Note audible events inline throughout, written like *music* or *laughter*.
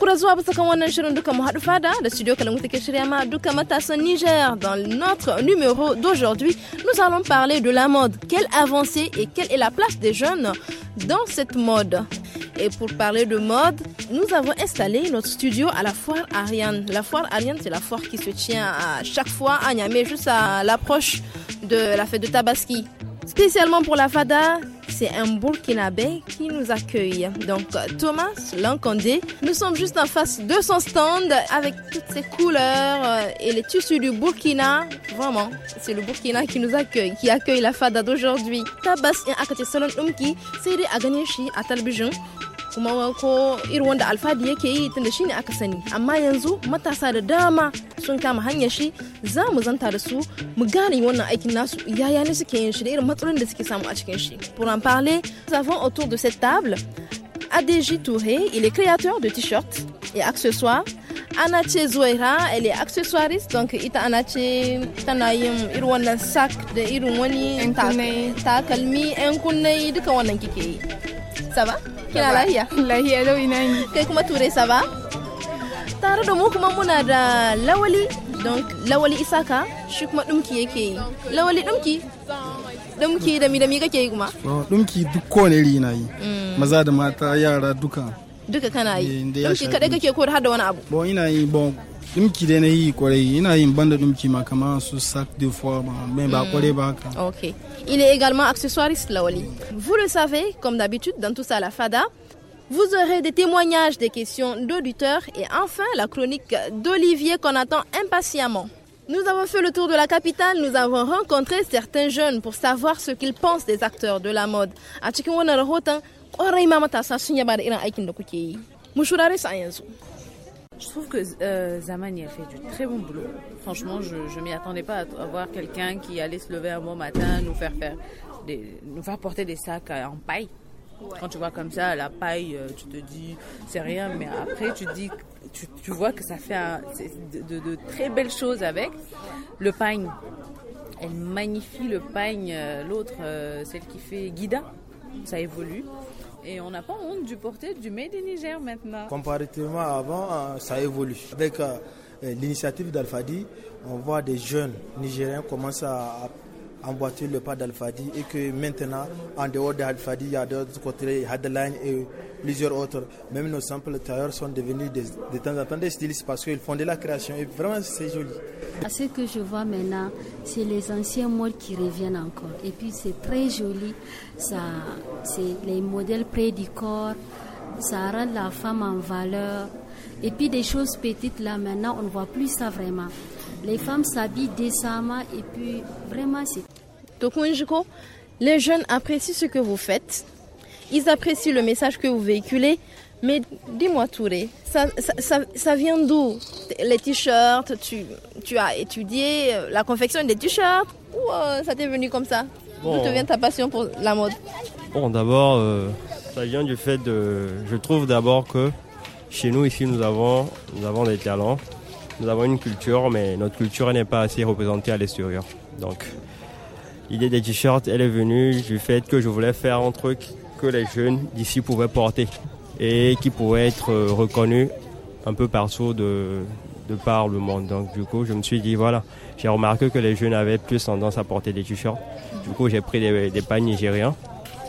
Bonjour à bisa kan wannan shirin fada studio shirya Niger. Dans notre numéro d'aujourd'hui, nous allons parler de la mode. Quelle avancée et quelle est la place des jeunes dans cette mode et pour parler de mode, nous avons installé notre studio à la foire Ariane. La foire Ariane, c'est la foire qui se tient à chaque fois à Niamey, juste à l'approche de la fête de Tabaski. Spécialement pour la FADA, c'est un Burkinabé qui nous accueille. Donc Thomas Lankandé, nous sommes juste en face de son stand avec toutes ses couleurs euh, et les tissus du Burkina. Vraiment, c'est le Burkina qui nous accueille, qui accueille la fada d'aujourd'hui. Tabas et Akate Salon Umki, c'est à chi à kuma ko irin wanda alfadi yake yi tunda shine aka sani amma yanzu matasa da dama sun kama hanyar shi za mu zanta da su mu gane wannan aikin nasu yaya ne suke yin shi da irin matsalolin da suke samu a cikin shi pour en parler nous avons autour de cette table Adéji Touré il est créateur de t-shirts et accessoires Anache Zoira, elle est accessoiriste, donc ita Anache tana yim, irin wannan sak, da irin wani kalmi, yan kunne duka wannan kike yi. Ça va? kina lahiya lahiya lau *laughs* ina ni kai kuma ture sa ba tare da mu kuma muna da lawali don lawali isaka shi kuma dumki yake yi lawali dumki dumki da mi da mi kake yi kuma oh, dumki duk kowane iri na yi hmm. maza da mata yara duka duka kana eh, yi dumki kadai kake ko har da wani abu bon ina yi bon dumki dai na yi kwarai ina yin banda dumki ma kamar su sac de foie ba ba hmm. kwarai ba haka okay Il est également accessoiriste, Laoli. Vous le savez, comme d'habitude, dans tout ça la FADA, vous aurez des témoignages, des questions d'auditeurs et enfin la chronique d'Olivier qu'on attend impatiemment. Nous avons fait le tour de la capitale, nous avons rencontré certains jeunes pour savoir ce qu'ils pensent des acteurs de la mode. Je trouve que euh, Zaman fait du très bon boulot. Franchement, je ne m'y attendais pas à, voir quelqu'un qui allait se lever un bon matin, nous faire, faire des, nous faire porter des sacs euh, en paille. Quand tu vois comme ça la paille, euh, tu te dis c'est rien, mais après tu dis tu, vois que ça fait de, très belles choses avec le pagne. Elle magnifie le pagne, euh, l'autre, celle qui fait Guida, ça évolue. Et on n'a pas honte du porter du Made Niger maintenant. Comparativement à avant, hein, ça évolue. Avec euh, l'initiative d'Alfadi, on voit des jeunes Nigériens commencer à emboîter le pas d'Alfadi et que maintenant, en dehors d'Alfadi, il y a d'autres côtés, Hadeline et plusieurs autres. Même nos samples tailleurs sont devenus des, de temps en temps des stylistes parce qu'ils font de la création et vraiment c'est joli. ce que je vois maintenant, c'est les anciens modes qui reviennent encore. Et puis c'est très joli, ça, c'est les modèles près du corps, ça rend la femme en valeur. Et puis des choses petites là maintenant, on ne voit plus ça vraiment. Les femmes s'habillent décemment et puis vraiment c'est donc les jeunes apprécient ce que vous faites. Ils apprécient le message que vous véhiculez. Mais dis-moi, Touré, ça, ça, vient d'où Les t-shirts, tu, tu, as étudié euh, la confection des t-shirts Ou euh, ça t'est venu comme ça Où devient vient ta passion pour la mode Bon, d'abord, euh, ça vient du fait de. Je trouve d'abord que chez nous, ici, nous avons, nous avons des talents. Nous avons une culture, mais notre culture n'est pas assez représentée à l'extérieur. Donc, L'idée des t-shirts, elle est venue du fait que je voulais faire un truc que les jeunes d'ici pouvaient porter et qui pouvait être euh, reconnu un peu partout de, par le monde. Donc du coup, je me suis dit, voilà, j'ai remarqué que les jeunes avaient plus tendance à porter des t-shirts. Du coup, j'ai pris des, pailles nigériennes, nigériens,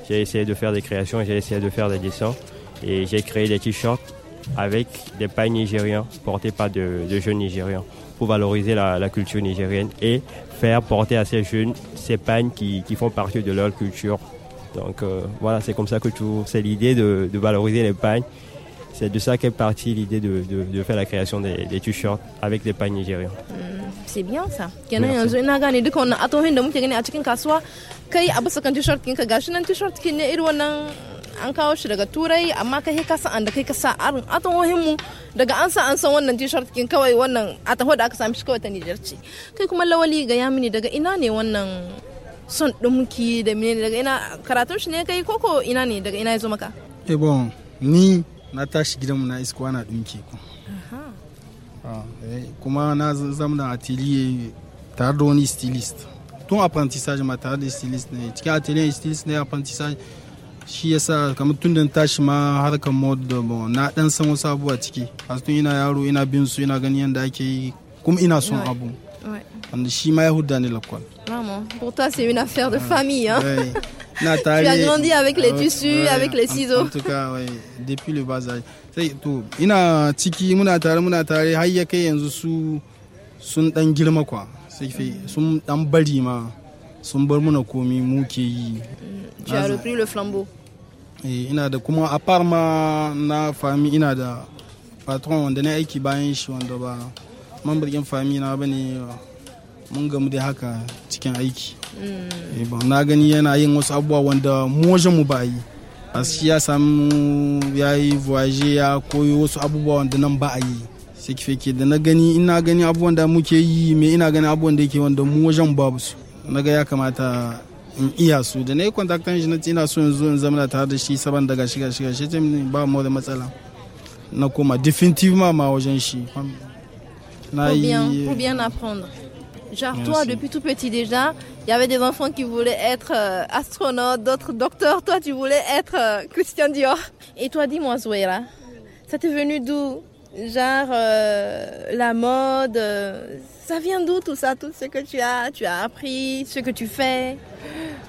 j'ai essayé de faire des créations, j'ai essayé de faire des dessins, et j'ai créé des t-shirts avec des pailles nigériens portées par des de jeunes nigériens pour valoriser la, culture nigérienne et faire porter à ces jeunes ces pagnes qui, font partie de leur culture. Donc voilà, c'est comme ça que tout, c'est l'idée de, valoriser les pagnes. C'est de ça qu'est partie l'idée de, faire la création des, t-shirts avec des pagnes nigériens. c'est bien ça an kawo shi daga turai amma kai ka san da kai ka sa arin atohohin mu daga an sa an san wannan t-shirt kin kawai wannan ataho da aka sami shi kawai ta Niger ce kai kuma lawali ga ya mini daga ina ne wannan son dumki da mene daga ina karatun shi ne kai koko ina ne daga ina ya zo maka eh bon ni na tashi gidan mu na isko ana dumki ko ah, eh, kuma na zamna atelier tare da wani stylist tun apprentissage ma tare da stylist ne cikin atelier stylist ne apprentissage shi yasa kamar tun da tashi ma harkar mod bon na dan san wasu ciki a tun ina yaro ina bin su ina ganin yadda ake yi kuma ina son abu wanda shi ma ya hudda ni lakwal pour toi c'est une affaire de famille hein ouais. *laughs* Na, tu as grandi avec les euh, tissus, avec les ciseaux. En, tout cas, oui, depuis le bazar. Sai to ina ciki muna tare muna tare har ya kai yanzu su sun dan girma kwa. Sai sun dan bari ma. sun bar muna komi muke yi eh, ina da kuma a part ma na fami ina da patron wanda na aiki bayan shi wanda ba mambarkin fami na bane mun gamu da haka cikin aiki mm. eh, na gani yana yin wasu abubuwa wanda mu wajen mu ba yi shi ya samu ya yi voyage ya koyo wasu abubuwa wanda nan ba a yi sai da na gani ina gani abubuwan da muke yi me ina gani abubuwan da yake wanda mu wajen babu su Mm, na pour bien, apprendre Genre toi, depuis tout petit déjà, il y avait des enfants qui voulaient être euh, astronautes, d'autres docteurs. Toi, tu voulais être euh, Christian Dior. Et toi, dis-moi, Zouera, ça t'est venu d'où genre euh, la mode. Euh, ça vient d'où tout ça, tout ce que tu as, tu as appris, ce que tu fais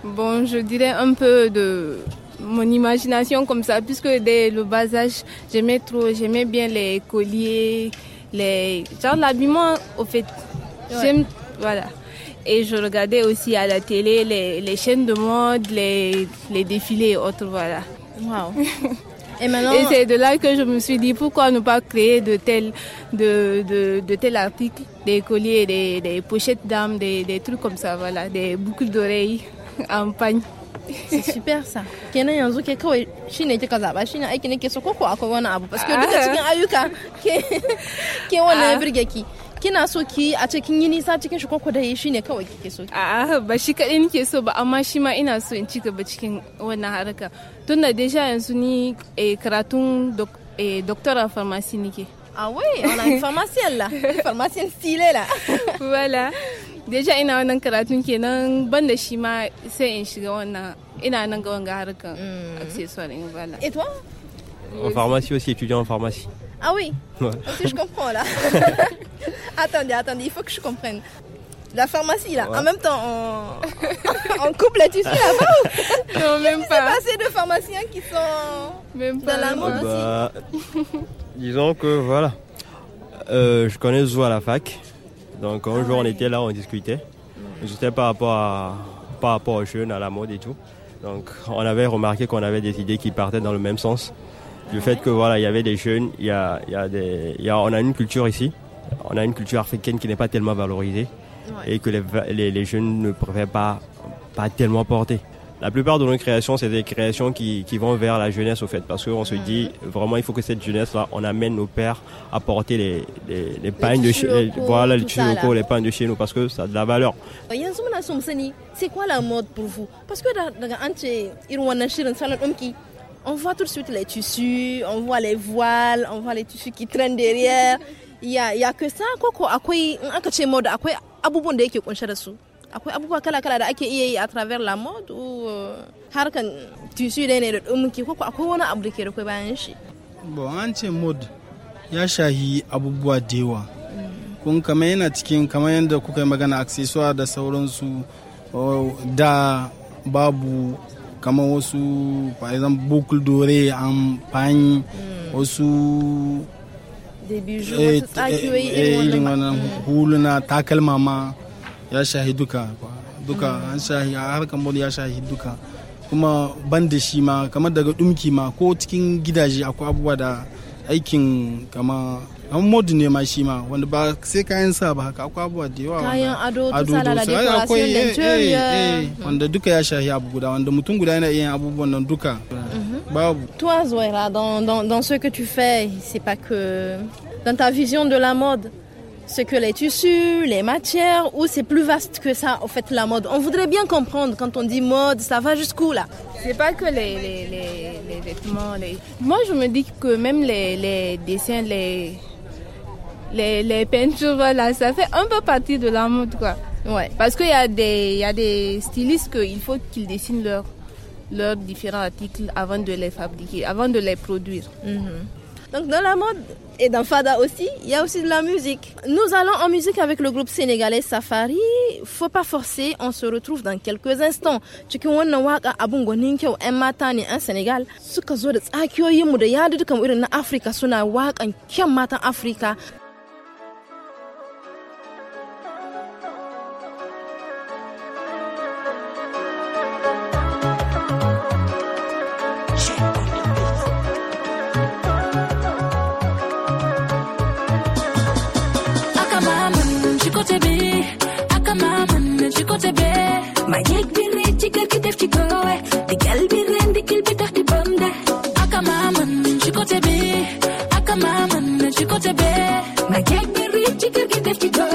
Bon, je dirais un peu de mon imagination comme ça, puisque dès le bas âge, j'aimais trop, j'aimais bien les colliers, les genre l'habillement au fait. J'aime, voilà. Et je regardais aussi à la télé les, chaînes de mode, les, les défilés et autres, voilà. Waouh *laughs* Et, Et c'est de là que je me suis dit pourquoi ne pas créer de tels de, de, de tels articles, des colliers, des, des pochettes d'âme, des, des, trucs comme ça, voilà, des boucles d'oreilles *laughs* en pagne. C'est super ça. Kenan yanzu ke kawai shine kika zaba shine aiki nake so ko ko akwai wani abu parce que duka ah. cikin ayyuka ke ke wannan ya ah. birge ki kina so ki a cikin yi nisa cikin shi koko da yi shine kawai kike so a'a ba shi kadai nike so ba amma shi ma ina so in ci gaba cikin wannan harka da deja yanzu ni eh, karatun eh, doctoral pharmacy nike Ah oui, on a une pharmacienne là, une pharmacienne stylée là. *laughs* voilà. Déjà ina wannan karatun kenan ban da shi ma sai in shiga wannan ina nan ga wanga harkan hmm. accessoire in voilà. Et toi En pharmacie aussi, étudiant en pharmacie. Ah oui. Ouais. Aussi, je comprends là. *laughs* attendez, attendez, il faut que je comprenne. La pharmacie, là, en même temps, on, coupe couple là-dessus là-bas ou... *laughs* Non, même pas. assez de pharmaciens qui sont même dans la mode bah, Disons que voilà. Euh, je connais Zou à la fac. Donc un ah jour, on était là, on discutait. C'était par rapport, rapport aux jeunes, à la mode et tout. Donc on avait remarqué qu'on avait des idées qui partaient dans le même sens. Le ah fait que voilà, il y avait des jeunes, y des, on a une culture ici on a une culture africaine qui n'est pas tellement valorisée et que les, jeunes ne préfèrent pas, pas tellement porter. La plupart de nos créations, c'est des créations qui, vont vers la jeunesse, au fait, parce qu'on se dit vraiment, il faut que cette jeunesse-là, on amène nos pères à porter les, les, de chez nous, voilà, les locaux, les de chez parce que ça a de la valeur. Euh, c'est quoi la mode pour vous Parce que on voit tout de suite les tissus, on voit les voiles, on voit les tissus qui traînent derrière. *laughs* ya ya kusa sa koko akwai in aka ce mode akwai abubuwan da yake kunshe da su akwai abubuwa kala-kala da ake iya yi a travers la mode uh, harkan tisu da ne da dumki koko akwai wani abu da ke da bayan shi bon an ce mode ya shahi abubuwa da yawa kun kamar yana cikin kamar yadda kuka yi magana accessoire da sauransu uh, da babu kamar wasu for example bukul dore an wasu da bijo masu tsakiyoyi irin wannan huluna takalma ma ya shahi duka duka mm. an shahi a harkar mod ya shahi duka kuma ban da shi ma kamar daga dumki ma ko cikin gidaje akwai abubuwa da aikin kama an mode ne ma shi ma wanda ba sai kayan sa ba haka akwai abubuwa da yawa kayan ado ado akwai eh, eh, eh, wanda duka ya shahi abu guda wanda mutum guda yana iya abubuwan nan duka mhm. babu toi Zoira dans dans dans ce que tu fais c'est pas que dans ta vision de la mode ce que les tissus, les matières, ou c'est plus vaste que ça, en fait, la mode. On voudrait bien comprendre quand on dit mode, ça va jusqu'où là C'est pas que les, les, les, les vêtements. Moi, je me dis que même les les, dessins, les, les, les, peintures, voilà, ça fait un peu partie de la mode, quoi. Ouais, parce qu'il y, a des, y a des stylistes qu'il faut qu'ils dessinent leurs leurs différents articles avant de les fabriquer, avant de les produire. Mhm. Donc dans la mode et dans Fada aussi, il y a aussi de la musique. Nous allons en musique avec le groupe sénégalais Safari. Faut pas forcer, on se retrouve dans quelques instants. Hein, tu africa waka def ci góowe digal bi aka aka ma ri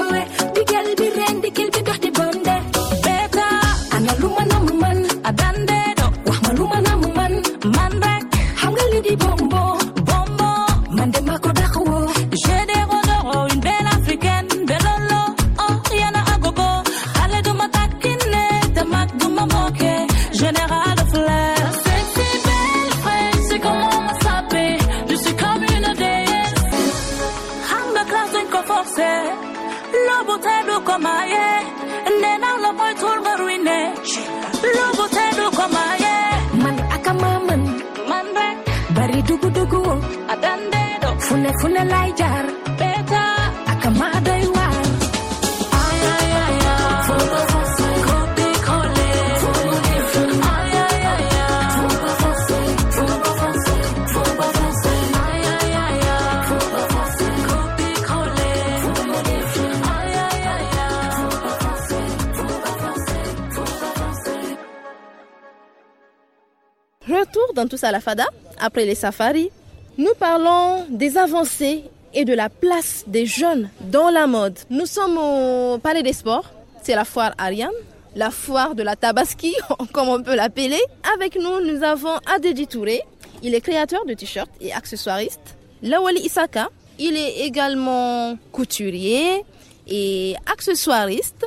Retour dans tout ça la fada, après les safaris, nous parlons des avancées et de la place des jeunes dans la mode. Nous sommes au Palais des Sports, c'est la foire Ariane, la foire de la Tabaski, *laughs* comme on peut l'appeler. Avec nous, nous avons Adedi Touré, il est créateur de t-shirts et accessoiriste. Lawali Isaka, il est également couturier et accessoiriste.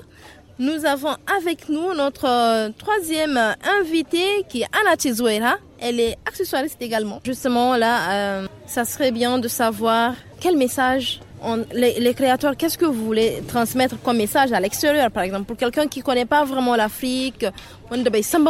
Nous avons avec nous notre euh, troisième euh, invitée qui est Anna Elle est accessoiriste également. Justement, là, euh, ça serait bien de savoir quel message les, créateurs, qu'est-ce que vous voulez transmettre comme message à l'extérieur, par exemple, pour quelqu'un qui ne connaît pas vraiment l'Afrique. Ben,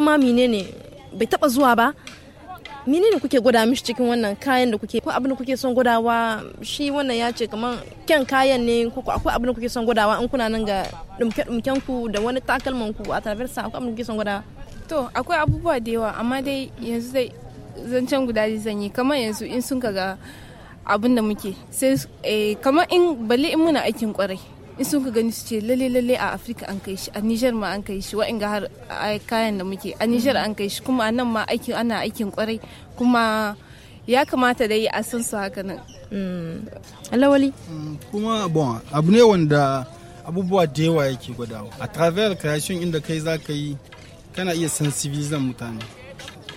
mini ne kuke gwada mishi cikin wannan kayan da kuke ko abin da kuke son gwadawa shi wannan ya ce kamar kyan kayan ne ko akwai abin da kuke son gwadawa in kuna nan ga dumke-dumken ku da wani takalman ku a traversa akwai abin da kuke son gwadawa to akwai abubuwa da yawa amma dai yanzu dai zancen guda zan yi kamar yanzu in sun ga abin da muke sai eh, kamar in bali in muna aikin kwarai in sun ka gani su ce lalle lalle a afirka an kai shi a niger ma an kai shi wa'inga har kayan da muke a niger an kai shi kuma nan ma aikin ana aikin kwarai kuma ya kamata da yi a san su haka nan alawali mm. mm, kuma bon abu ne wanda abubuwa da yawa yake gwadawa a travel creation inda kai za ka yi kana iya sensibilizan mutane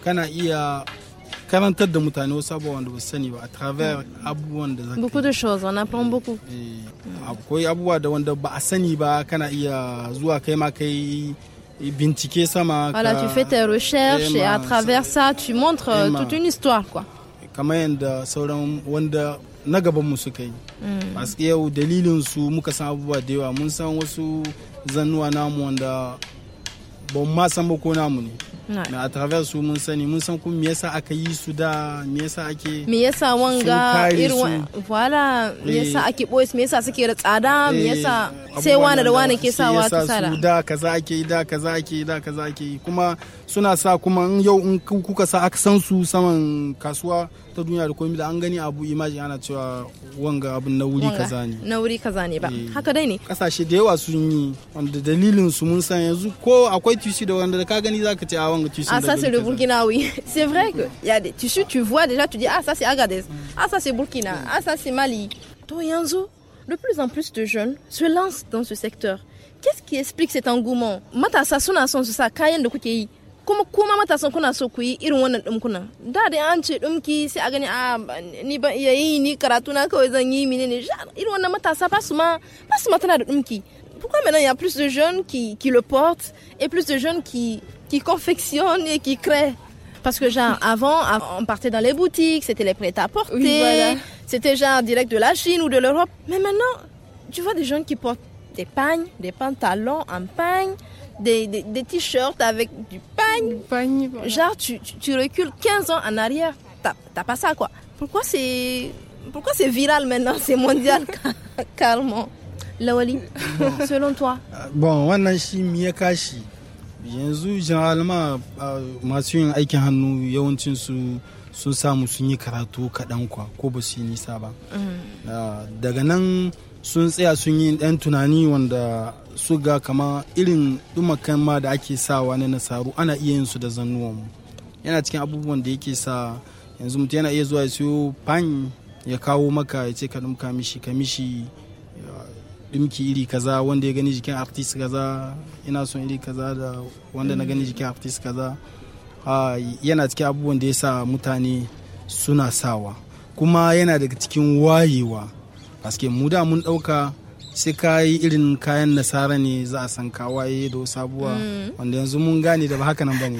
kana iya karantar da mutane wasu abubuwan da ba ba a travers abubuwan da zaka beaucoup de choses on apprend beaucoup akwai abubuwa da wanda ba a sani ba kana iya zuwa kai ma kai bincike sama voilà tu fais tes recherches et à travers ça tu montres toute une histoire quoi kamar da sauran wanda na gabanmu suka yi masu yau dalilin su muka san abubuwa da yawa mun san wasu zannuwa namu wanda ba ma san ba ko namu ne na a travers su mun sani mun san kuma me yasa aka yi su da me yasa ake me yasa wanga irwa wala me eh. yasa ake boys me yasa suke da tsada me eh, yasa sai wani da wani ke sawa ta sara da kaza ake yi da kaza ake yi da kaza ake yi kuma suna sa kuma in yau in kuka sa aka san su saman kasuwa ta duniya da komai da an gani abu imagine ana cewa wanga abun na wuri kaza ne na wuri kaza ne ba eh. haka dai ne kasashe da yawa sun yi wanda dalilin su mun san yanzu ko akwai wai tissu de ka gani zaka ce a wanga tissu ah ça c'est le Burkina oui *laughs* c'est vrai que il y a des tissus tu vois déjà tu dis ah ça c'est Agadez mm. ah ça c'est Burkina mm. ah ça c'est Mali to Yanzo de plus en plus de jeunes se lancent dans ce secteur qu'est-ce qui explique cet engouement mata sa suna son sa kayan da kuke yi kuma kuma matasan kuna so ku yi irin wannan ɗumkunan da da an ce sai a gani a ni ban iya yi ni karatu na kawai zan yi mine ne irin wannan matasa ba su ba su ma tana da ɗumki pourquoi maintenant il y a plus de jeunes qui, le portent et plus de jeunes qui, qui confectionnent et qui créent parce que genre avant on partait dans les boutiques, c'était les prêts à porter, c'était genre direct de la Chine ou de l'Europe. Mais maintenant, tu vois des jeunes qui portent des pagnes, des pantalons en pagne, des, des, t-shirts avec du pagne. Genre tu, tu, recules 15 ans en arrière, t'as pas ça quoi. Pourquoi c'est pourquoi c'est viral maintenant, *laughs* c'est mondial *laughs* carrément. lawali selon toi bon wannan shi mi ya kashi yanzu generalma masu yin aikin hannu yawancinsu sun samu sun yi karatu kaɗan kwa ko ba su yi nisa ba mm-hmm. daga nan sun tsaya sun yi ɗan tunani wanda su ga kama irin ɗumakan ma da ake sawa na nasaru ana iya yin su da zannuwanmu yana cikin abubuwan da yake sa yanzu mutum yana iya zuwa ya siyo fan ya kawo maka ya ce ka ɗumka mishi ka mishi dimki iri kaza wanda ya gani jikin artist kaza ina son iri kaza da wanda na gani jikin artist kaza yana cikin abubuwan da ya sa mutane suna sawa kuma yana daga cikin wayewa aske mu da mun ɗauka sai ka yi irin kayan nasara ne za a san kawaye da sabuwa mm. wanda yanzu mun gane da ba haka nan ba ne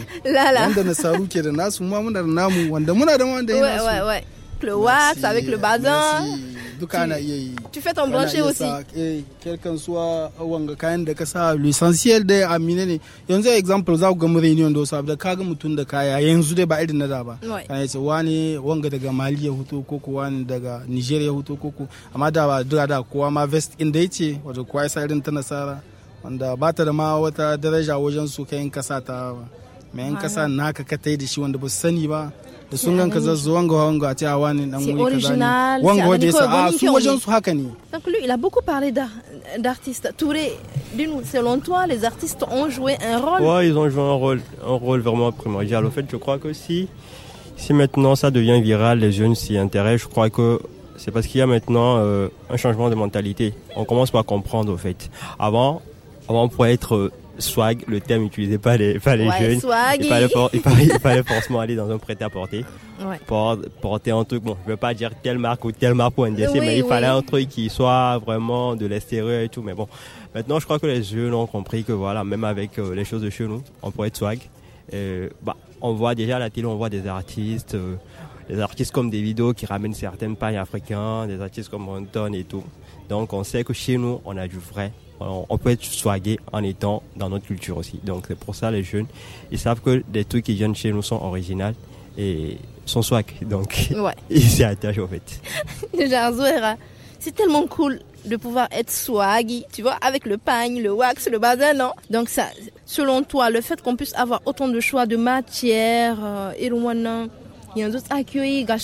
wanda nasaru ke da nasu ma muna da namu wanda muna da wanda ya nasu avec le bazin. duka ana iya yi tu fais ton branché aussi eh quelqu'un soit wanga kayan da ka sa l'essentiel dai a mine ne yanzu example za ku ga mu reunion do sa da kaga mutun da kaya yanzu dai ba irin na da ba kan yace wani wanga daga Mali ya huto ko ko wani daga Niger ya huto ko ko amma da ba dura da kowa ma vest in da yace wato kowa ya sa irin ta nasara wanda ba ta da ma wata daraja wajen su kayan kasa ta ba mai yan kasa naka ka tai da shi wanda ba su sani ba C'est original. Ah, donc lui il a beaucoup parlé d'artistes Touré selon toi les artistes ont joué un rôle Oui, ils ont joué un rôle un rôle vraiment primordial au fait je crois que si si maintenant ça devient viral les jeunes s'y intéressent je crois que c'est parce qu'il y a maintenant euh, un changement de mentalité on commence par comprendre au fait avant avant on pouvait être euh, swag, le terme utilisé pas les, jeunes. Il, fallait forcément aller dans un prêt-à-porter. porter un truc, bon, je veux pas dire telle marque ou telle marque pour NDC, mais il fallait un truc qui soit vraiment de l'extérieur et tout. Mais bon, maintenant, je crois que les jeunes ont compris que voilà, même avec euh, les choses de chez nous, on pourrait être swag. Bah, on voit déjà à la télé, on voit des artistes, euh, des artistes comme des vidéos qui ramènent certaines pagnes africaines, des artistes comme Anton et tout. Donc on sait que chez nous, on a du vrai, on peut être swagué en étant dans notre culture aussi. Donc c'est pour ça les jeunes, ils savent que des trucs qui viennent chez nous sont originaux et sont swag. Donc *laughs* ils s'y attachent en fait. *laughs* Déjà, hein, c'est tellement cool de pouvoir être swag, tu vois, avec le pagne, le wax, le bazar, non Donc ça, selon toi, le fait qu'on puisse avoir autant de choix de matière, et euh, ah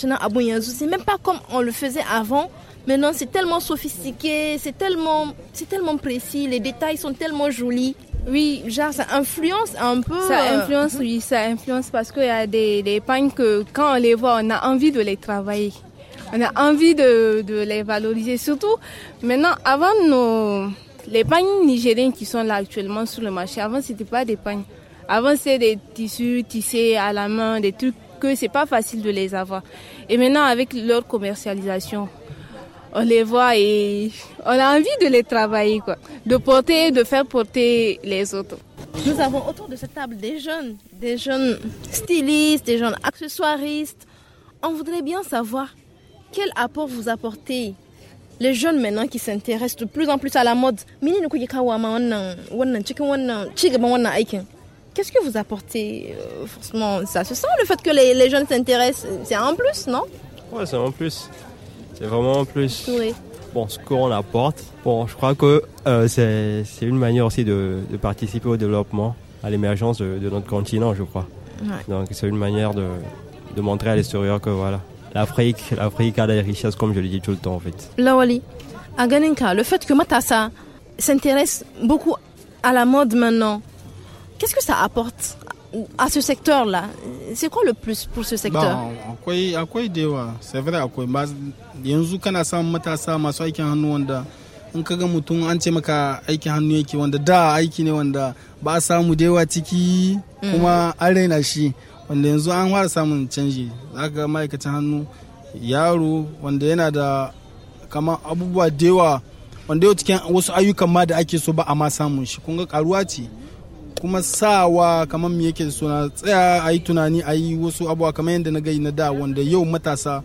c'est même pas comme on le faisait avant, Maintenant, c'est tellement sophistiqué, c'est tellement, c'est tellement précis, les détails sont tellement jolis. Oui, genre ça influence un peu. Ça euh, influence, mhm. oui, ça influence parce qu'il y a des, des pagnes que quand on les voit, on a envie de les travailler. On a envie de, de les valoriser. Surtout maintenant, avant nos, les pagnes nigériens qui sont là actuellement sur le marché, avant c'était pas des pagnes. Avant c'était des tissus tissés à la main, des trucs que c'est pas facile de les avoir. Et maintenant avec leur commercialisation, on les voit et on a envie de les travailler, quoi. de porter, de faire porter les autres. Nous avons autour de cette table des jeunes, des jeunes stylistes, des jeunes accessoiristes. On voudrait bien savoir quel apport vous apportez les jeunes maintenant qui s'intéressent de plus en plus à la mode. Qu'est-ce que vous apportez euh, Forcément, ça se sent le fait que les, jeunes s'intéressent. C'est en plus, non Ouais, c'est en plus. C'est vraiment plus. Bon, ce qu'on apporte. Bon, je crois que euh, c'est, une manière aussi de, participer au développement, à l'émergence de, notre continent, je crois. Donc, c'est une manière de, montrer à l'extérieur que voilà, l'Afrique, l'Afrique a des richesses, comme je le dis tout le temps, en fait. Lawali, à Ganinka, le fait que Matassa s'intéresse beaucoup à la mode maintenant, qu'est-ce que ça apporte a ce secteur-là, c'est quoi le plus pour ce secteur? C'est vrai, da yawa, c'est vrai akwai ba yanzu kana hannu wanda in ka ga mutum an ce maka aikin hannu yake wanda da aiki ne wanda ba a samu da yawa ciki mm. kuma an raina shi wanda yanzu an fara samun canji za ga ma'aikacin hannu yaro wanda yana da kama abubuwa da yawa wanda yau cikin wasu ayyukan ma da ake so ba a ma samun shi kun ga karuwa ce kuma sawa kamar me yake suna tsaya a yi tunani a yi wasu abuwa kamar yadda na gai na da wanda yau matasa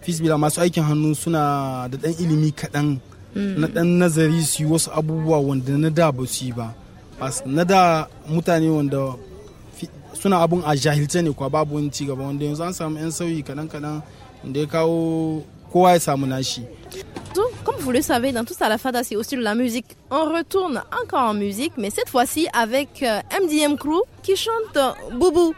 fisbila masu aikin hannu suna da dan ilimi kaɗan hmm. na dan nazari su yi wasu abubuwa wanda na da ba su yi ba na da mutane wanda suna abun a jahilce ne kwa babu wani cigaba wanda yanzu an samu 'yan sauyi kaɗan-kaɗan da ya kawo Comme vous le savez, dans tout ça, la fada, c'est aussi la musique. On retourne encore en musique, mais cette fois-ci avec MDM euh, Crew qui chante Boubou.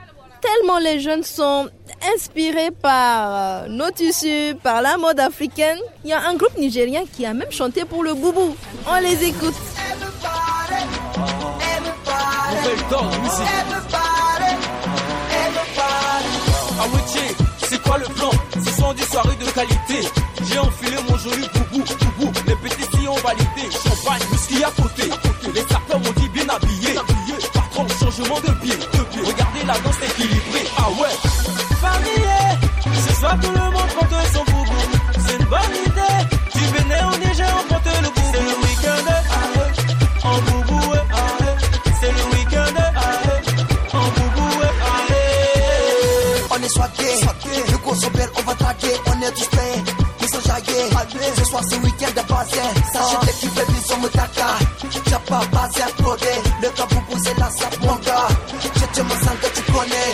Tellement les jeunes sont inspirés par euh, nos tissus, par la mode africaine. Il y a un groupe nigérien qui a même chanté pour le Boubou. On les écoute. Ah, c'est quoi le plan des soirées de qualité. J'ai enfilé mon joli boubou, boubou. Les petits filles ont validé. Champagne, whisky à côté. à sachez que kivebizo à chapa sa temps que tu la que tu connais.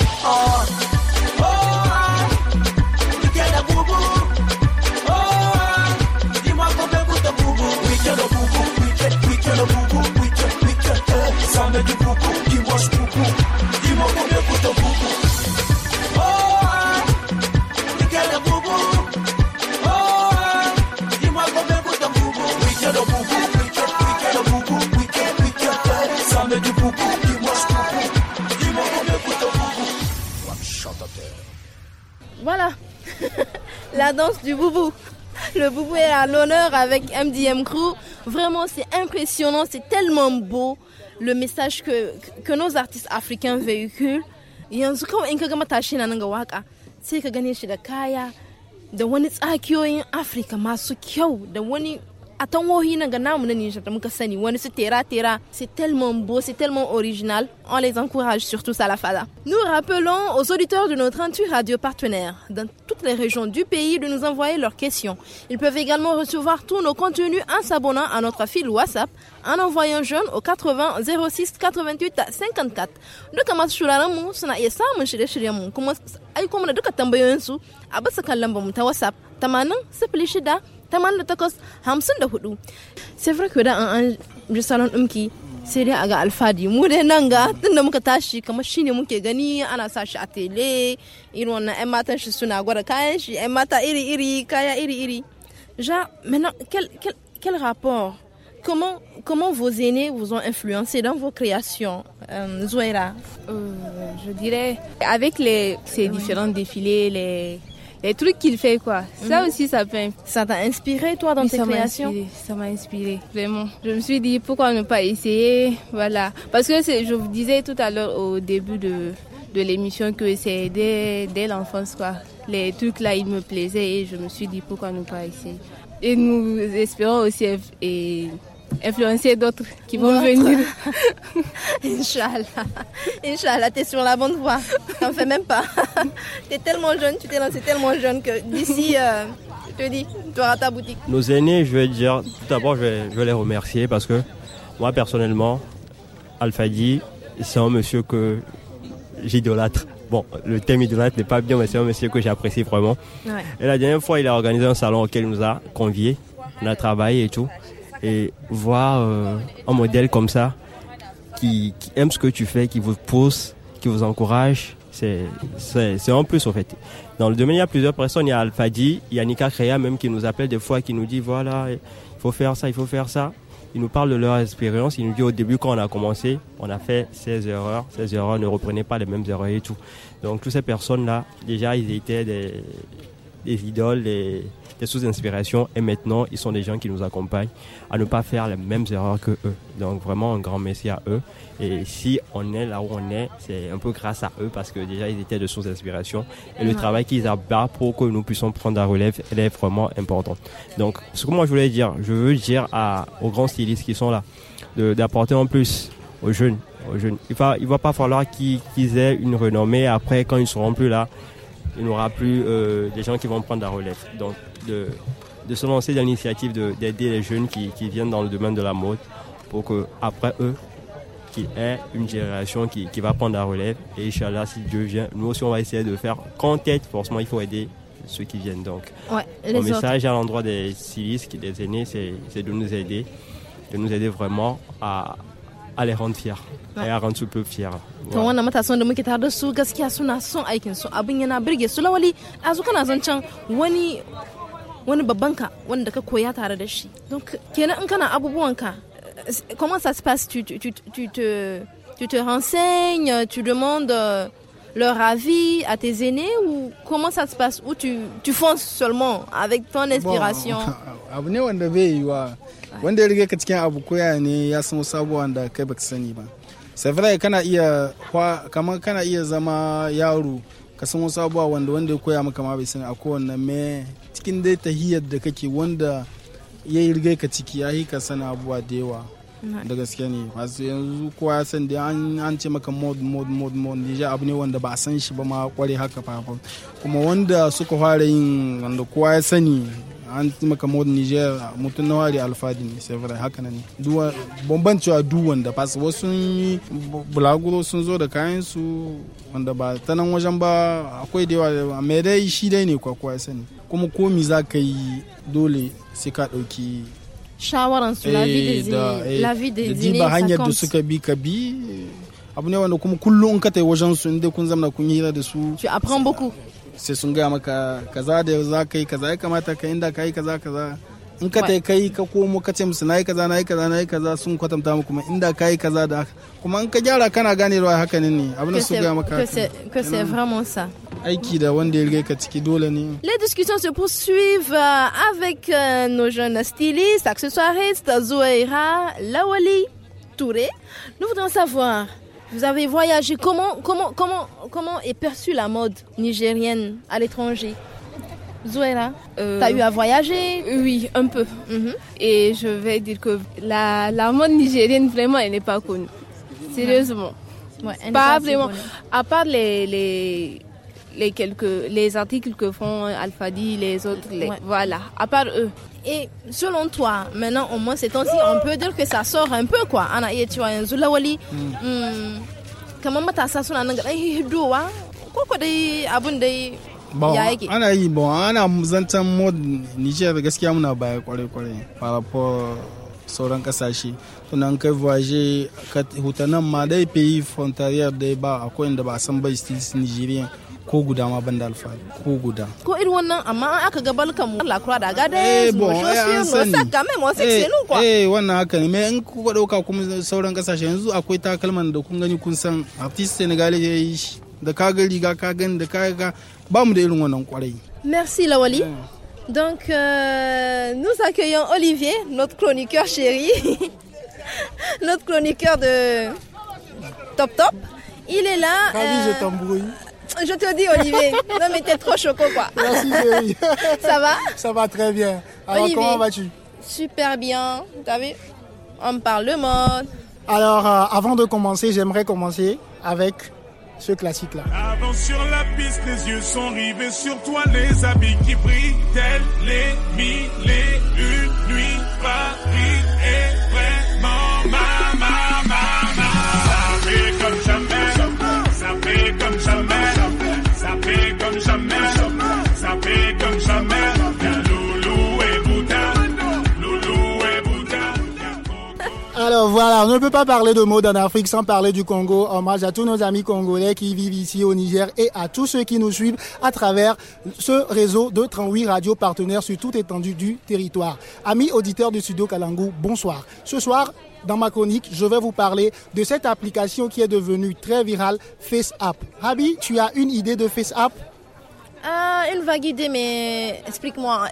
Voilà, *laughs* la danse du boubou. Le boubou est à l'honneur avec MDM Crew. Vraiment, c'est impressionnant, c'est tellement beau le message que, que nos artistes africains véhiculent. Yanzu kawai in ka gama tashi na nan ga waka sai ka gane shi da kaya da wani tsakiyoyin Afirka masu kyau da wani c'est tellement beau, c'est tellement original. On les encourage surtout à la fada. Nous rappelons aux auditeurs de notre 38 radio partenaire, dans toutes les régions du pays de nous envoyer leurs questions. Ils peuvent également recevoir tous nos contenus en s'abonnant à notre fil WhatsApp en envoyant jeune au 80 06 88 54. Nous mu ta WhatsApp 88 sai farko da an an salon ɗumki sai dai a ga alfadi mu dai tunda muka tashi kamar shine muke gani ana sashi shi a tele irin wannan 'yan matan shi suna gwada kayan shi 'yan mata iri-iri kaya iri-iri ja maintenant quel, quel, quel rapport comment, comment vos aînés vous ont influencé dans vos créations, euh, Zoéra euh, Je dirais, avec les, ces différents défilés, les, les trucs qu'il fait, quoi. Ça mhm. aussi, ça peint. Ça t'a inspiré, toi, dans tes ça créations Ça m'a inspiré, vraiment. Je me suis dit, pourquoi ne pas essayer Voilà. Parce que je vous disais tout à l'heure au début de, de l'émission que c'est dès, dès l'enfance, quoi. Les trucs là, ils me plaisaient et je me suis dit, pourquoi ne pas essayer Et nous espérons aussi influencer d'autres qui vont venir. *laughs* Inch'Allah. Inch'Allah, t'es sur la bonne voie. T'en fais même pas. *laughs* T'es tellement jeune, tu t'es lancé tellement jeune que d'ici, euh, je te dis, tu auras ta boutique. Nos aînés, je vais dire, tout d'abord, je vais, les remercier parce que moi, personnellement, Al-Fadi, c'est un monsieur que j'idolâtre. Bon, le thème idolâtre n'est pas bien, mais c'est un monsieur que j'apprécie vraiment. Et la dernière fois, il a organisé un salon auquel il nous a conviés. On a travaillé et tout. Et voir euh, un modèle comme ça, qui, aime ce que tu fais, qui vous pousse, qui vous encourage, c'est en plus en fait. Dans le domaine, il y a plusieurs personnes. Il y a Alfadi, il y a Nika Kreya même qui nous appelle des fois, qui nous dit voilà, il faut faire ça, il faut faire ça. Ils nous parlent de leur expérience. Ils nous disent au début, quand on a commencé, on a fait 16 erreurs. 16 erreurs, ne reprenez pas les mêmes erreurs et tout. Donc, toutes ces personnes-là, déjà, ils étaient des, des idoles, des, sous sources d'inspiration. Et maintenant, ils sont des gens qui nous accompagnent à ne pas faire les mêmes erreurs que eux. Donc vraiment, un grand merci à eux. Et si on est là où on est, c'est un peu grâce à eux parce que déjà, ils étaient de sources d'inspiration. Et le travail qu'ils abattent pour que nous puissions prendre la relève, elle est vraiment importante. Donc, ce que moi, je voulais dire, je veux dire à, aux grands stylistes qui sont là, d'apporter en plus aux jeunes. Aux jeunes. Il va, va pas falloir qu'ils aient une renommée après quand ils seront plus là il n'y aura plus euh, des gens qui vont prendre la relève. Donc, de, de se lancer dans l'initiative d'aider les jeunes qui, viennent dans le domaine de la mode pour que après eux, qu'il y ait une génération qui, va prendre la relève. Et Inch'Allah, si Dieu vient, nous aussi, on va essayer de faire qu'en tête. Forcément, il faut aider ceux qui viennent. Donc, message à l'endroit des civilistes, des aînés, c'est de nous aider, de nous aider vraiment à, à les rendre fiers ah. et à rendre tout le peuple fier. comment ça se passe tu, tu, tu, te tu te renseignes tu demandes euh, leur avis à tes aînés ou comment ça se passe ou tu tu fonces seulement avec ton inspiration *laughs* wanda ya riga ka cikin abu koya ne ya san wasu abubuwan da kai baka sani ba sai kana iya kamar kana iya zama yaro ka san wasu abubuwa wanda wanda ya koya maka ma bai sani a kowanne me cikin dai tahiyar da kake wanda ya yi rigai ka ciki ya yi ka sani abubuwa da yawa da gaske ne masu yanzu kowa ya san da an ce maka mod mod mod mod deja abu ne wanda ba a san shi ba ma kware haka fafa kuma wanda suka fara yin wanda kowa ya sani an maka modern niger mutum na wari alfadi ne sai vrai haka ne duwa bambancewa duk wanda fasa wasu yi bulaguro sun zo da kayan su wanda ba ta nan wajen ba akwai da yawa mai dai shi dai ne kwa sani kuma komi za ka yi dole sai ka ɗauki shawaran su lavi eh, da eh, ba hanyar da suka bi ka bi abu ne wanda kuma kullum ka tai wajen su inda kun zamana kun yi hira da su sai sun gaya maka kaza da za ka yi kaza ya kamata ka inda ka yi kaza kaza in ka tai kai ka komo ka ce musu nayi kaza nayi kaza nayi kaza sun kwatanta mu kuma inda kai kaza da kuma in ka gyara kana ganewa haka ne abin da su gaya maka que c'est vraiment ça Les discussions se poursuivent euh, avec euh, nos jeunes stylistes, accessoiristes, Zoeira Lawali Touré. Nous voudrons savoir vous avez voyagé. Comment, comment, comment, comment est perçue la mode nigérienne à l'étranger Zoéla, euh, t'as eu à voyager Oui, un peu. Mhm. Et je vais dire que la, mode nigérienne, vraiment, elle n'est pas connue. Sérieusement. pas, vraiment. À part les, les les quelques les articles que font Alfadi, les autres, les, voilà, à part eux. Et selon toi, maintenant au moins ces temps-ci, on peut dire que ça sort un peu quoi. Ana iya cewa yanzu lawali kamar matasa suna nan gaɗan hiddowa ko koko dai abun dai ya yake. Ana yi eh, bon ana zantan mod Niger gaskiya muna baya kwarai kwarai par rapport sauran kasashe tunan kai voyage hutanan ma dai pays frontalier dai ba akwai inda ba san bai still Nigerian ko guda ma ban da alfahari ko guda ko irin wannan amma an aka ga balkan mu Allah kura ga dai eh bon eh an sani saka eh, eh wannan haka ne me in kuka dauka kuma sauran kasashe yanzu akwai takalman da kun gani kun san artist senegalais ya yi shi da ka ga riga ka gani da ka ga ba mu da irin wannan kwarai merci lawali eh. Donc, euh, nous accueillons Olivier, notre chroniqueur chéri, *laughs* notre chroniqueur de Top Top. Il est là. Ravi, euh... je t'embrouille. *laughs* Je te dis, Olivier. non, mais t'es trop choco, quoi. *laughs* Merci, *laughs* Ça va Ça va très bien. Alors, comment vas-tu Super bien. T'as vu On parle le mode. Alors, euh, avant de commencer, j'aimerais commencer avec ce classique-là. Avant sur la piste, les yeux sont rivés sur toi, les habits qui brillent, tels les mille et une nuits, Paris et eh, voilà, on ne peut pas parler de mode en Afrique sans parler du Congo. Hommage à tous nos amis congolais qui vivent ici au Niger et à tous ceux qui nous suivent à travers ce réseau de 38 radios partenaires sur toute étendue du territoire. Amis auditeurs du studio Kalangou, bonsoir. Ce soir, dans ma chronique, je vais vous parler de cette application qui est devenue très virale, FaceApp. Rabi, tu as une idée de FaceApp ah, une vague idée, mais explique-moi.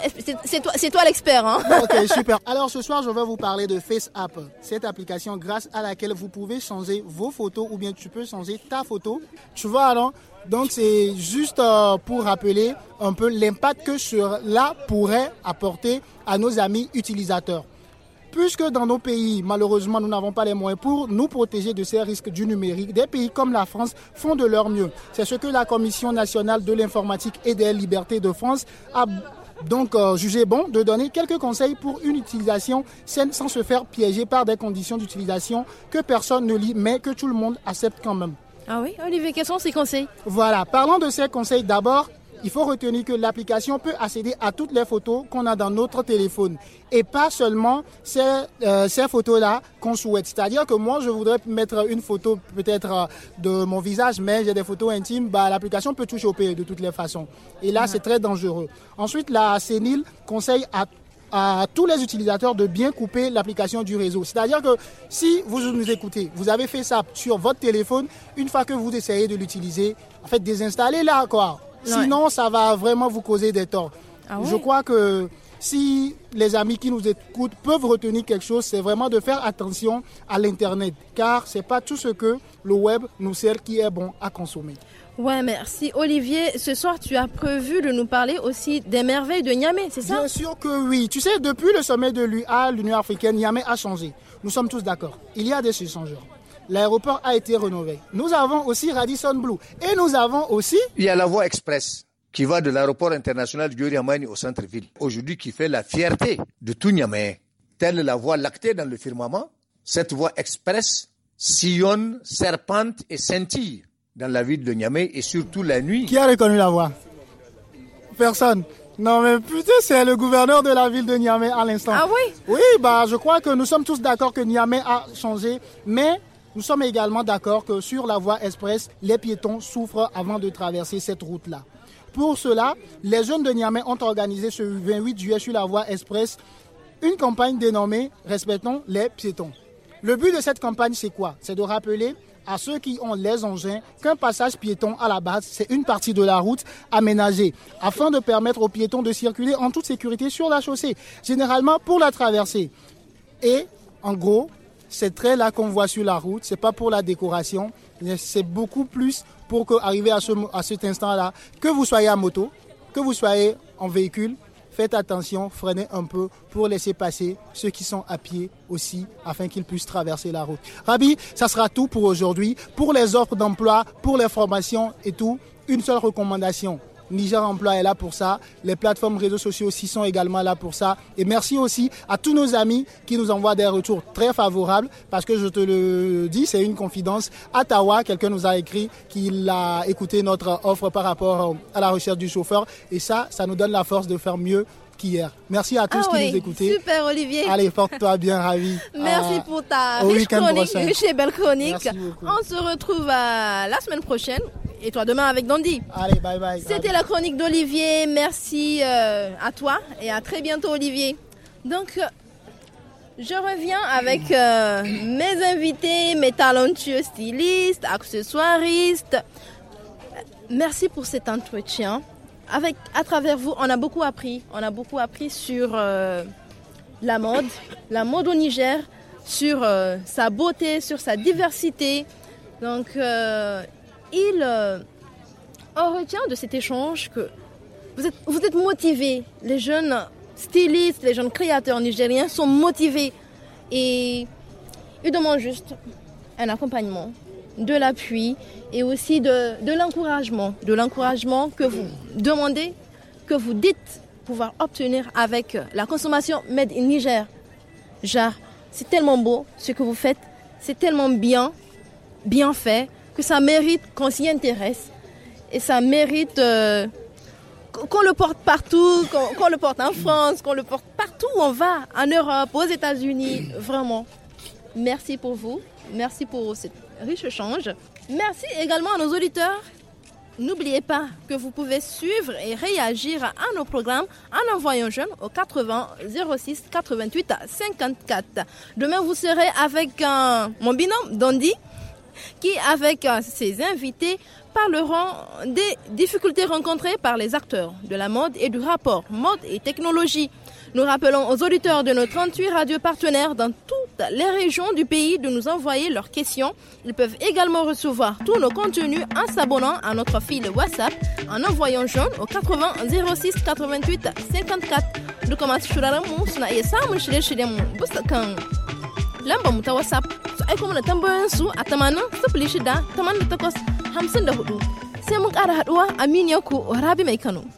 C'est toi, toi l'expert. Hein. ok, *laughs* super. Alors ce soir, je vais vous parler de FaceApp, cette application grâce à laquelle vous pouvez changer vos photos ou bien tu peux changer ta photo. Tu vois, alors donc c'est juste euh, pour rappeler un peu l'impact que cela pourrait apporter à nos amis utilisateurs. Puisque dans nos pays, malheureusement, nous n'avons pas les moyens pour nous protéger de ces risques du numérique, des pays comme la France font de leur mieux. C'est ce que la Commission nationale de l'informatique et des libertés de France a donc euh, jugé bon de donner quelques conseils pour une utilisation saine sans se faire piéger par des conditions d'utilisation que personne ne lit mais que tout le monde accepte quand même. Ah oui, Olivier, quels sont ces conseils Voilà, parlons de ces conseils d'abord il faut retenir que l'application peut accéder à toutes les photos qu'on a dans notre téléphone et pas seulement ces, euh, photos-là qu'on souhaite. C'est-à-dire que moi, je voudrais mettre une photo peut-être euh, de mon visage, mais j'ai des photos intimes, bah, l'application peut tout choper de toutes les façons. Et là, c'est très dangereux. Ensuite, la CNIL conseille à à tous les utilisateurs de bien couper l'application du réseau. C'est-à-dire que si vous nous écoutez, vous avez fait ça sur votre téléphone, une fois que vous essayez de l'utiliser, en fait, désinstallez-la, quoi. Sinon, ça va vraiment vous causer des torts. Ah Je crois que si les amis qui nous écoutent peuvent retenir quelque chose, c'est vraiment de faire attention à l'Internet, car ce n'est pas tout ce que le web nous sert qui est bon à consommer. Ouais, merci. Olivier, ce soir, tu as prévu de nous parler aussi des merveilles de Niamey, c'est ça Bien sûr que oui. Tu sais, depuis le sommet de l'UA, l'Union africaine, Niamey a changé. Nous sommes tous d'accord. Il y a des changements l'aéroport a été rénové. Nous avons aussi Radisson Blue. Et nous avons aussi... Il y a la voie express qui va de l'aéroport international de Amani au centre-ville. Aujourd'hui, qui fait la fierté de tout Niamey. Telle la voie lactée dans le firmament, cette voie express sillonne, serpente et scintille dans la ville de Niamey et surtout la nuit. Qui a reconnu la voie Personne. Non mais putain, c'est le gouverneur de la ville de Niamey à l'instant. Ah oui Oui, bah je crois que nous sommes tous d'accord que Niamey a changé, mais nous sommes également d'accord que sur la voie express, les piétons souffrent avant de traverser cette route-là. Pour cela, les jeunes de Niamey ont organisé ce 28 juillet sur la voie express une campagne dénommée Respectons les piétons. Le but de cette campagne, c'est quoi C'est de rappeler à ceux qui ont les engins qu'un passage piéton à la base, c'est une partie de la route aménagée afin de permettre aux piétons de circuler en toute sécurité sur la chaussée, généralement pour la traversée. Et en gros, c'est très là qu'on voit sur la route, ce n'est pas pour la décoration, c'est beaucoup plus pour que, arriver à, ce, à cet instant-là, que vous soyez à moto, que vous soyez en véhicule, faites attention, freinez un peu pour laisser passer ceux qui sont à pied aussi afin qu'ils puissent traverser la route. Rabi, ça sera tout pour aujourd'hui. Pour les offres d'emploi, pour les formations et tout, une seule recommandation. Niger Emploi est là pour ça. Les plateformes réseaux sociaux aussi sont également là pour ça. Et merci aussi à tous nos amis qui nous envoient des retours très favorables parce que je te le dis, c'est une confidence. Ottawa, quelqu'un nous a écrit qu'il a écouté notre offre par rapport à la recherche du chauffeur et ça, ça nous donne la force de faire mieux hier, Merci à tous ah qui nous écoutez. Super Olivier. Allez, porte-toi bien, ravi. Merci euh, pour ta riche chronique, riche et belle chronique. On se retrouve la semaine prochaine et toi demain avec Dandy. Allez, bye bye. C'était la chronique d'Olivier. Merci euh, à toi et à très bientôt Olivier. Donc euh, je reviens avec mes invités, mes talentueux stylistes, accessoiristes. Merci pour cet entretien avec, à travers vous, on a beaucoup appris. On a beaucoup appris sur euh, la mode, la mode au Niger, sur euh, sa beauté, sur sa diversité. Donc, euh, il, on retient de cet échange que vous êtes, vous êtes motivés. Les jeunes stylistes, les jeunes créateurs nigériens sont motivés et ils demandent juste un accompagnement de l'appui et aussi de, de l'encouragement, de l'encouragement que vous demandez, que vous dites pouvoir obtenir avec la consommation Made in Niger. Genre, c'est tellement beau ce que vous faites, c'est tellement bien, bien fait, que ça mérite qu'on s'y intéresse et ça mérite euh, qu'on le porte partout, qu'on le porte en France, qu'on le porte partout où on va, en Europe, aux États-Unis, vraiment. Merci pour vous, merci pour cette riche change. Merci également à nos auditeurs. N'oubliez pas que vous pouvez suivre et réagir à nos programmes en envoyant jeune au 80 06 88 54. Demain, vous serez avec euh, mon binôme, Dandy, qui, avec euh, ses invités, parleront des difficultés rencontrées par les acteurs de la mode et du rapport mode et technologie. Nous rappelons aux auditeurs de nos 38 radios partenaires dans toutes les régions du pays de nous envoyer leurs questions. Ils peuvent également recevoir tous nos contenus en s'abonnant à notre fil WhatsApp en envoyant jaune au 80 06 88 54. Duka masu shirararmu suna iya samun shirye-shiryenmu bisa kan lambar mu ta WhatsApp su aiko mana tambayoyinsu a 80 06 88 54. Sai mun ƙara haɗuwa Aminu Yaku Rabi Mai Kano.